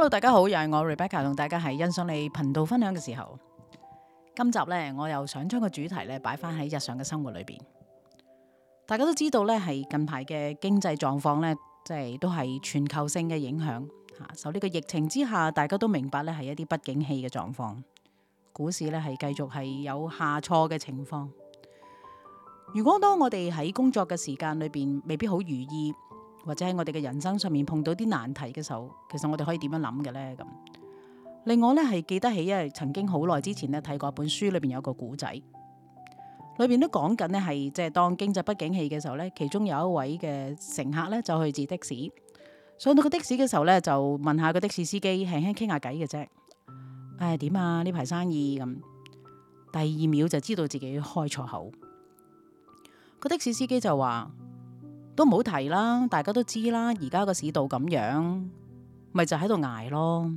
Hello，大家好，又係我 Rebecca 同大家係欣賞你頻道分享嘅時候，今集呢，我又想將個主題呢擺翻喺日常嘅生活裏邊。大家都知道呢，係近排嘅經濟狀況呢，即係都係全球性嘅影響吓，受呢個疫情之下，大家都明白呢係一啲不景氣嘅狀況，股市呢係繼續係有下挫嘅情況。如果當我哋喺工作嘅時間裏邊，未必好如意。或者喺我哋嘅人生上面碰到啲難題嘅時候，其實我哋可以點樣諗嘅咧？咁，另外咧係記得起，因為曾經好耐之前咧睇過一本書裏一，裏邊有個古仔，裏邊都講緊呢，係即係當經濟不景氣嘅時候咧，其中有一位嘅乘客咧就去截的士，上到個的士嘅時候咧就問下個的士司機，輕輕傾下偈嘅啫。唉、哎，點啊？呢排生意咁？第二秒就知道自己開錯口。個的士司機就話都唔好提啦，大家都知啦，而家個市道咁樣，咪就喺度挨咯。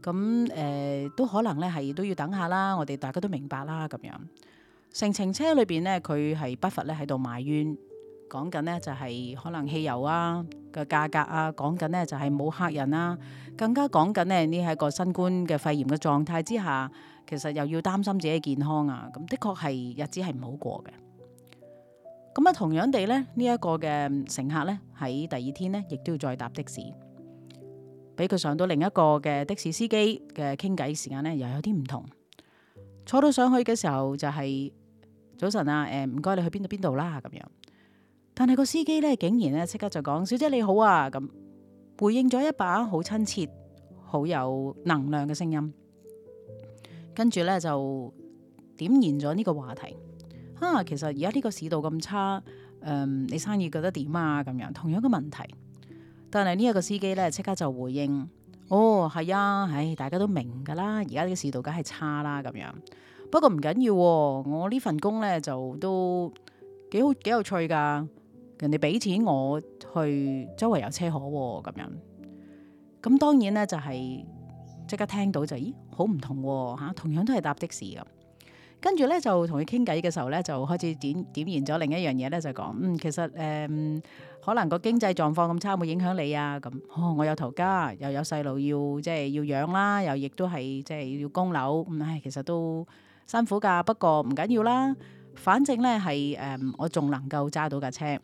咁、嗯、誒、呃，都可能咧係都要等下啦。我哋大家都明白啦，咁樣。成程車裏邊呢，佢係不乏咧喺度埋怨，講緊呢，就係可能汽油啊個價格啊，講緊呢，就係冇客人啊。更加講緊呢，呢係個新冠嘅肺炎嘅狀態之下，其實又要擔心自己嘅健康啊。咁的確係日子係唔好過嘅。咁啊，同樣地咧，呢一個嘅乘客咧，喺第二天咧，亦都要再搭的士，俾佢上到另一個嘅的士司機嘅傾偈時間咧，又有啲唔同。坐到上去嘅時候就係早晨啊，誒，唔該你去邊度邊度啦咁樣。但係個司機咧，竟然咧即刻就講： 小姐你好啊！咁回應咗一把好親切、好有能量嘅聲音，跟住呢就點燃咗呢個話題。啊，其實而家呢個市道咁差，誒，你生意覺得點啊？咁樣同樣嘅問題，但係呢一個司機咧即刻就回應：哦，係啊，唉，大家都明㗎啦，而家呢個市道梗係差啦咁樣。不過唔緊要喎，我呢份工咧就都幾好幾有趣㗎，人哋俾錢我去周圍有車可喎，咁樣。咁當然咧就係即刻聽到就咦，好唔同喎，吓，同樣都係搭的士咁。.跟住咧就同佢傾偈嘅時候咧，就開始點點，點燃咗另一樣嘢咧，就講，嗯其實誒、嗯、可能個經濟狀況咁差會影響你啊？咁、嗯、哦我有頭家又有細路要即係要養啦，又亦都係即係要供樓唉、嗯哎、其實都辛苦噶，不過唔緊要啦，反正咧係誒我仲能夠揸到架車。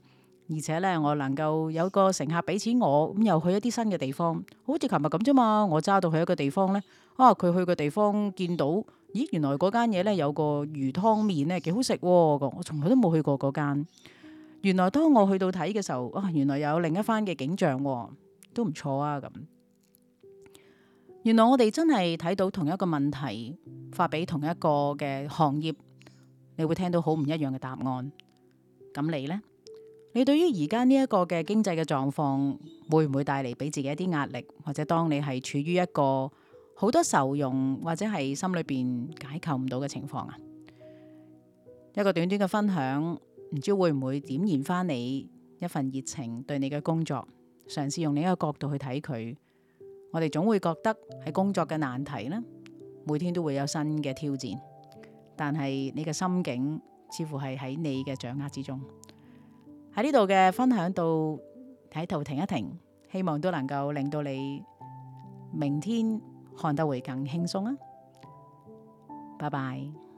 而且呢，我能夠有個乘客俾錢我，咁又去一啲新嘅地方，好似琴日咁啫嘛。我揸到去一個地方呢。啊，佢去個地方見到咦，原來嗰間嘢呢有個魚湯麵呢幾好食個。我從來都冇去過嗰間，原來當我去到睇嘅時候啊，原來有另一番嘅景象，都唔錯啊。咁原來我哋真係睇到同一個問題，發俾同一個嘅行業，你會聽到好唔一樣嘅答案。咁你呢？你對於而家呢一個嘅經濟嘅狀況，會唔會帶嚟俾自己一啲壓力？或者當你係處於一個好多愁容，或者係心裏邊解構唔到嘅情況啊？一個短短嘅分享，唔知會唔會點燃翻你一份熱情對你嘅工作，嘗試用另一個角度去睇佢。我哋總會覺得喺工作嘅難題呢，每天都會有新嘅挑戰，但係你嘅心境似乎係喺你嘅掌握之中。喺呢度嘅分享到喺度停一停，希望都能夠令到你明天看到會更輕鬆啊。拜拜。